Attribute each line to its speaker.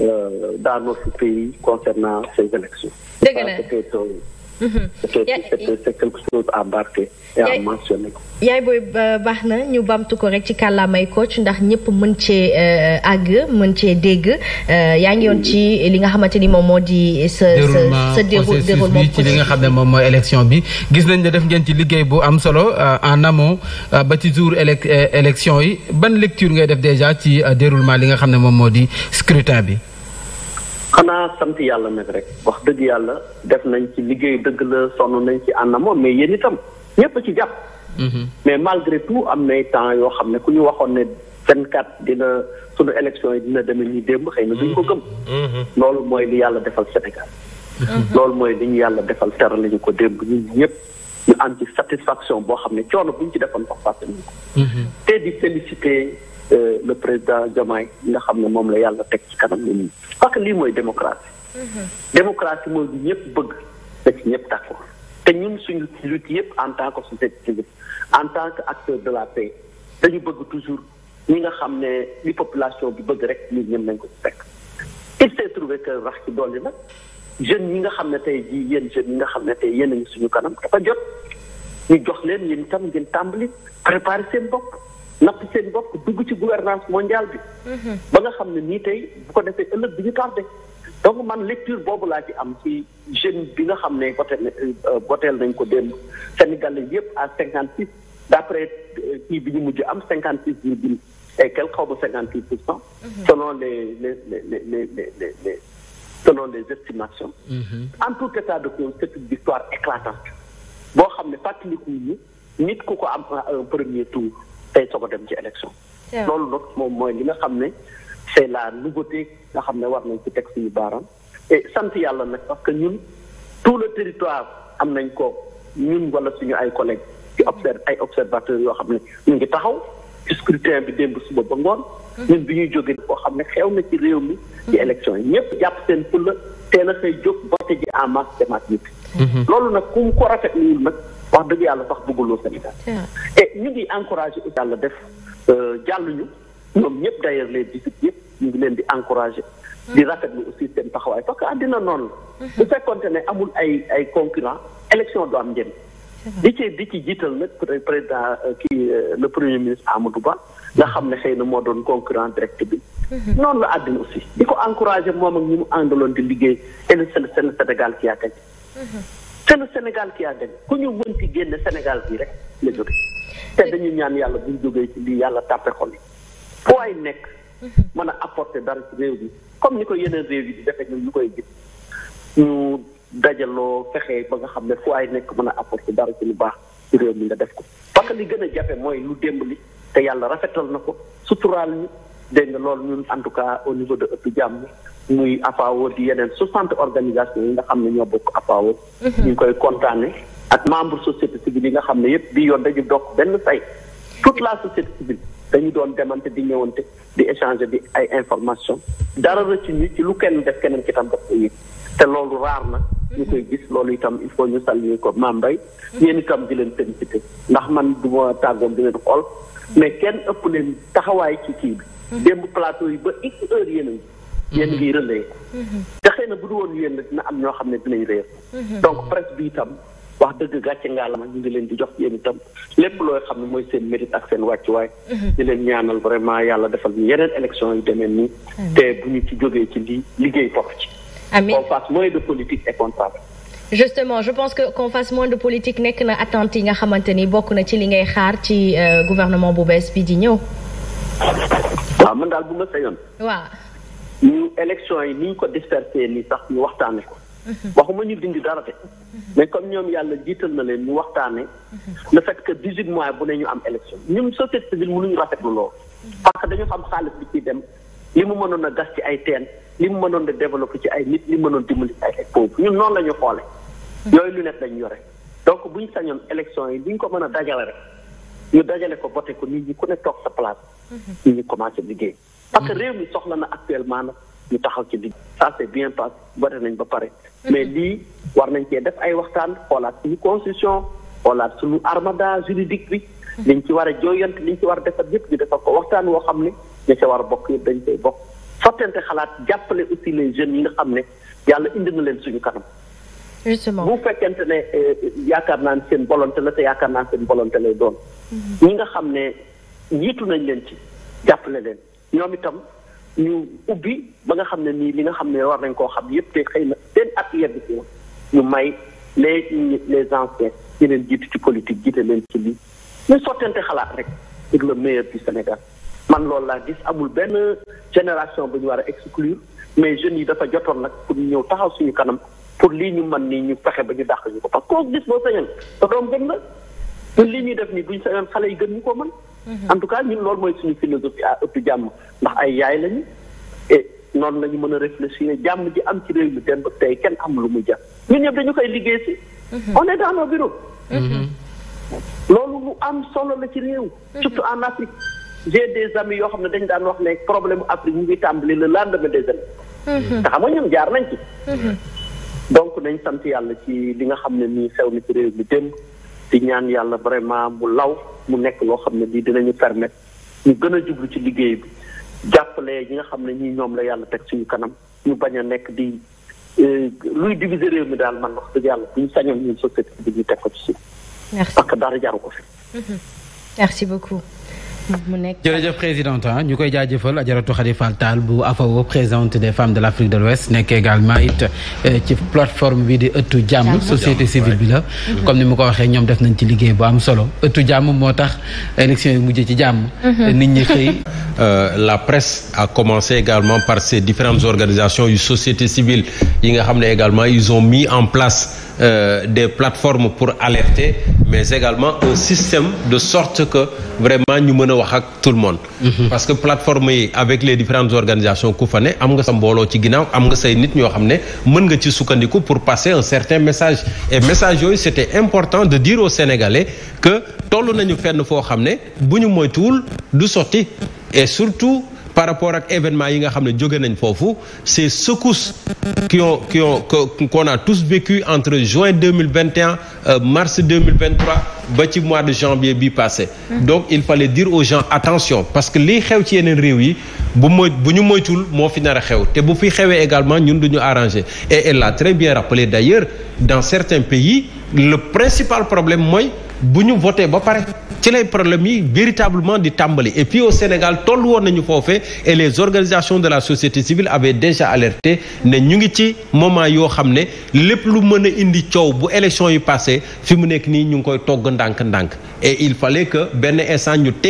Speaker 1: Euh, dans notre pays concernant ces élections. dëgg Mhm. c'est yaay booy baax na ñu bamtu ko rek ci kàllaamay coach ndax ñëpp mën cee euh, àgg mën cee dégg euh, yaa ngi yoon ci li nga xamante ni moom moo di sa sa déroulement bi
Speaker 2: ci li
Speaker 3: nga xam ne moom mooy élection bi gis nañ ne def ngeen ci liggéey bu am solo euh, en amont ba ci jour élec élection yi ban lecture ngay def déjà ci déroulement li nga xam ne moom moo di scrutin
Speaker 2: bi
Speaker 1: xanaa sant yàlla nag rek wax dëgg yàlla def nañ ci liggéey dëgg la sonn nañ ci àndama mais yéen itam ñëpp ci jàpp. Mhm. mais malgré tout am nay temps yoo xam ne ku ñu waxoon ne 24 dina sunu élection yi dina deme ñu démb xëy na duñ ko gëm.
Speaker 2: Mhm. Mhm.
Speaker 1: loolu mooy li yàlla defal Sénégal. loolu mooy li ñu yàlla defal ter la ko démb ñun ñëpp ñu am ci satisfaction boo xam ne coono buñ ci defoon sax fàtte nañ ko. te di féliciter. Euh, le président Diomaye nga xam ne moom la yàlla teg ci kanam nit ñi parce que lii mooy démocratie. Mhm. démocratie mooy bi ñëpp bëgg da ci ñëpp d'accord te ñun suñu lutte yëpp en tant que société civile en tant que acteur de la paix dañu bëgg toujours ñi nga xam ne li population bi bëgg rek ñun ñëm nañ ko ci fekk. il s'est trouvé que rax ci dolli nag jeunes yi nga xam ne tey jii yéen jeunes yi nga xam ne tey yéen a ngi suñu kanam dafa jot ñu jox leen yéen itam ngeen tàmbali préparer seen bopp. natt seen bopp dugg ci gouvernance mondiale bi. Mhm. ba nga xam ne nii tey bu ko defee ëllëg bi ñu tardé. donc man lecture boobu laa ci am ci jeune bi nga xam ne voté euh, voteel nañ ko démb Sénégalais yëpp à cinquante six d' après euh, kii bi ñu mujj am cinquante six virgule et quelque xaw ma cinquante six pour cent. Mhm. selon les les les les les les selon les estimations. Mhm. en tout état de cause c' éclatante. boo xam ne fàttaliku ñu nit ku ko am premier tour. tey soog a ci élection loolu nag moom mooy li nga xam ne c'est la nouveauté nga xam ne war nañ ci teg suñu baaraam et sant yàlla nag parce que ñun tout le territoire am nañ ko ñun wala suñu ay collègues ci observe ay observateurs yoo xam ne ñu ngi taxaw ci scrutin bi démb suba ba ngoon mm-hmm. ñun bi ñuy jógee koo xam ne xew na ci réew mi ci mm-hmm. élection yi ñëpp jàpp seen fulla teel a xëy jóg voté ji en masse demaat ñëpp mm-hmm. loolu nag ku mu ko rafetluwul nag wax dëgg yàlla sax bëgguloo Sénégal. te ñu ngi encouragé aussi yàlla def euh, jàlluñu ñoom ñëpp d'ailleurs les yëpp ñu ngi leen di encouragé. Mm. di rafetlu aussi seen taxawaay parce que àddina noon la. Mm-hmm. bu fekkonte ne amul ay ay concurrent élection du am njëriñ. di ci di ci jiital nag président euh, kii euh, le premier ministre amatu Ba nga xam ne xëy na moo doon concurrent direct bi. Mm-hmm. noonu la àddina aussi di ko encouragé moom ak ñu mu àndaloon di liggéey et le Sénégal ci yi c'est le Sénégal qui a gagné ku ñu mënti génn Sénégal bii rek la jóge te dañu ñaan yàlla buñ jógee ci lii yàlla tàppe xol yi foo ay nekk mën a apporter dara ci réew bi comme ni ko yeneen réew yi di defee ñun ñu koy gis ñu dajaloo fexe ba nga xam ne fu waay nekk mën a apporter dara ci lu baax ci réew mi nga def ko parce que li gën a jafe mooy lu démb li te yàlla rafetal na ko suturaal ñu dégg nga loolu ñun en tout cas au niveau de ëpp jàmm muy AFAO di yeneen soixante organisation yi nga xam ne ñoo bokk AFAO. Mhm. ñu koy kontaane ak membre société civile yi nga xam ne yëpp bii yoon dañu dox benn say toute la société civile dañu doon demante di ñëwante di échanger di ay information dara rëcc ñu ci lu kenn def keneen ki tam def ko te loolu raar na. ñu mhm. koy gis loolu itam il faut ñu saluer ko ma Mbaye. yéen itam di leen félicité ndax man du ma tàggoom di leen xool mhm. mais kenn ëpp leen taxawaay ci kii bi. yéen ngi relais mm-hmm. te xëy na bu du woon yéen dina am ñoo xam ne dinañ réer mm-hmm. donc presse bi itam wax dëgg gàcce ngaalama ñu ngi leen di jox yéen itam lépp looy xam ne mooy seen mérite ak seen wàccuwaay mm-hmm. di leen ñaanal vraiment yàlla defal ñu yeneen élection yu demee nii te bu ñu ci jógee ci lii liggéey topp ci qu'on fasse moins de politique et comptable
Speaker 2: justement je pense que qu'on fasse moins de politique nekk na attente yi nga xamante ni bokk na ci li ngay xaar ci euh, gouvernement bu bees bi di ñëw
Speaker 1: waaw man daal bu ma sañoon ñu élection yi ni ñu ko dispersé nii sax ñu waxtaane ko waxuma ñu dindi dara de mais comme ñoom yàlla jiital na leen ñu waxtaane na fait que dix-huit mois bu ne ñu am élection ñun société civile mënuñu rafetlu loolu parce que dañu xam xaalis bi ciy dem li mu mënoon a gas ci ay teen li mu mënoon de développé ci ay nit li mënoon dimbali ci ay pauvre ñun noonu la ñu xoole yooyu lu nekk lañu yore donc bu ñu sañoon élection yi li ñu ko mën a dajale rek ñu dajale ko voté ko nit ñi ku ne toog sa place ñu ngi commencé liggéey. parce que réew mi soxla na actuellement na ñu taxaw ci liggéey. ça c'est bien passé nañ ba pare. mais mhm. lii war nañ cee def ay waxtaan xoolaat suñu constitution xoolaat suñu armada juridique bi. Mhm. liñ ci war a jooyant liñ ci war a defar yëpp ñu defar ko waxtaan woo xam ne ñu ca war a bokk yëpp dañ koy bokk. sottante xalaat jàppale aussi les jeunes yi nga xam ne yàlla indi na leen suñu kanam.
Speaker 2: justement bu fekkente
Speaker 1: ne euh, yaakaar naa ne seen volonté la te yaakaar naa seen volonté lay doon. Mhm. jiitu nañ leen ci jàppale leen ñoom itam ñu ubbi ba nga xam ne nii li nga xam ne war nañ koo xam yépp te xëy na seen ak yedd ci woon ñu may les les anciens ñu jiitu ci politique jiite leen ci lii ñu xalaat rek pour le meilleur du Sénégal man loolu laa gis amul benn génération ba ñu war a exclure mais jeunes yi dafa jotoon nag pour ñu ñëw taxaw suñu kanam pour lii ñu mën nii ñu fexe ba ñu dàq ñu ko parce que koo gis boo sañoon sa doom gën la ñun lii ñuy def nii buñ sañoon xale yi gën ñu ko man Mm-hmm. en tout cas ñun loolu mooy suñu philosophie à ëpp jàmm ndax ay yaay lañu et noonu lañu mën a réfléchir jàmm ji am ci réew mi dem ba tey kenn am lu mu jàpp ñun ñëpp dañu koy liggéey si. Mm-hmm. on est dans nos bureaux. Mm-hmm. loolu am solo la ci réew. surtout en Afrique j'ai des amis yoo xam ne dañ daan wax ne problème Afrique ñu ngi tàmbali le lendemain des années. te xam nga ñoom jaar nañ ci. donc nañ sant yàlla ci li nga xam ne nii sew na ci réew mi dem di ñaan yàlla vraiment mu law. mu nekk loo xam ne lii dinañu permettre ñu gën a jublu ci liggéey bi jàppale yi nga xam ne ñii ñoom la yàlla teg suñu kanam ñu bañ a nekk di euh, luy diviser réew mi daal man wax dëgg yàlla bu ñu sañoon ñun société bi ñu teg ko ci suuf. merci parce que dara jaru ko fi.
Speaker 2: Mm-hmm. merci beaucoup. mu nekk
Speaker 3: jërëjëf ñu koy jaajëfal ajaratu Khady Fall Tall bu AFAO présidente des femmes de l' Afrique de l'Ouest nekk également it euh, ci plateforme bi di ëttu jàmm société civile bi la mhm. comme ni mu ko waxee ñoom def nañ ci liggéey bu am solo ëttu jàmm moo tax élection yi mujjee ci jàmm mhm. nit ñi xëy euh, la presse a commencé également par ces différentes organisations yu société civile yi nga xam ne également ils ont mis en place euh, des plateformes pour alerter mais également wax ak tout le monde. Mhm. parce que plateforme yi avec les différentes organisations ku fa ne am nga sa mbooloo ci ginnaaw am nga say nit ñoo xam ne mën nga ci sukkandiku pour passer un certain message et message yooyu c'était important de dire aux Sénégalais que toll nañu fenn foo xam ne bu ñu moytuwul du sotti et surtout. par rapport ak événement yi nga xam ne jóge nañ foofu ces secousses qui ont qui ont qu'on a tous vécu entre juin 2021 euh, mars ba ci mois de janvier bi passé mm-hmm. donc il fallait dire aux gens attention parce que liy xew ci yeneen réew yi bu moy bu ñu moytul moo fi nar a xew te bu fi xewee également ñun duñu arrangé et elle l'a très bien rappelé d'ailleurs dans certains pays le principal problème mooy bu ñu voté ba pare ci lay problème yi véritablement di tàmbali et puis au Sénégal toll woon nañu foofee et les organisations de la société civile avaient déjà alerté ne ñu ngi ci moment yoo xam ne lépp lu mën a indi coow bu élection yi passé fi mu nekk nii ñu ngi koy togg ndànk-ndànk et il fallait que benn instant ñu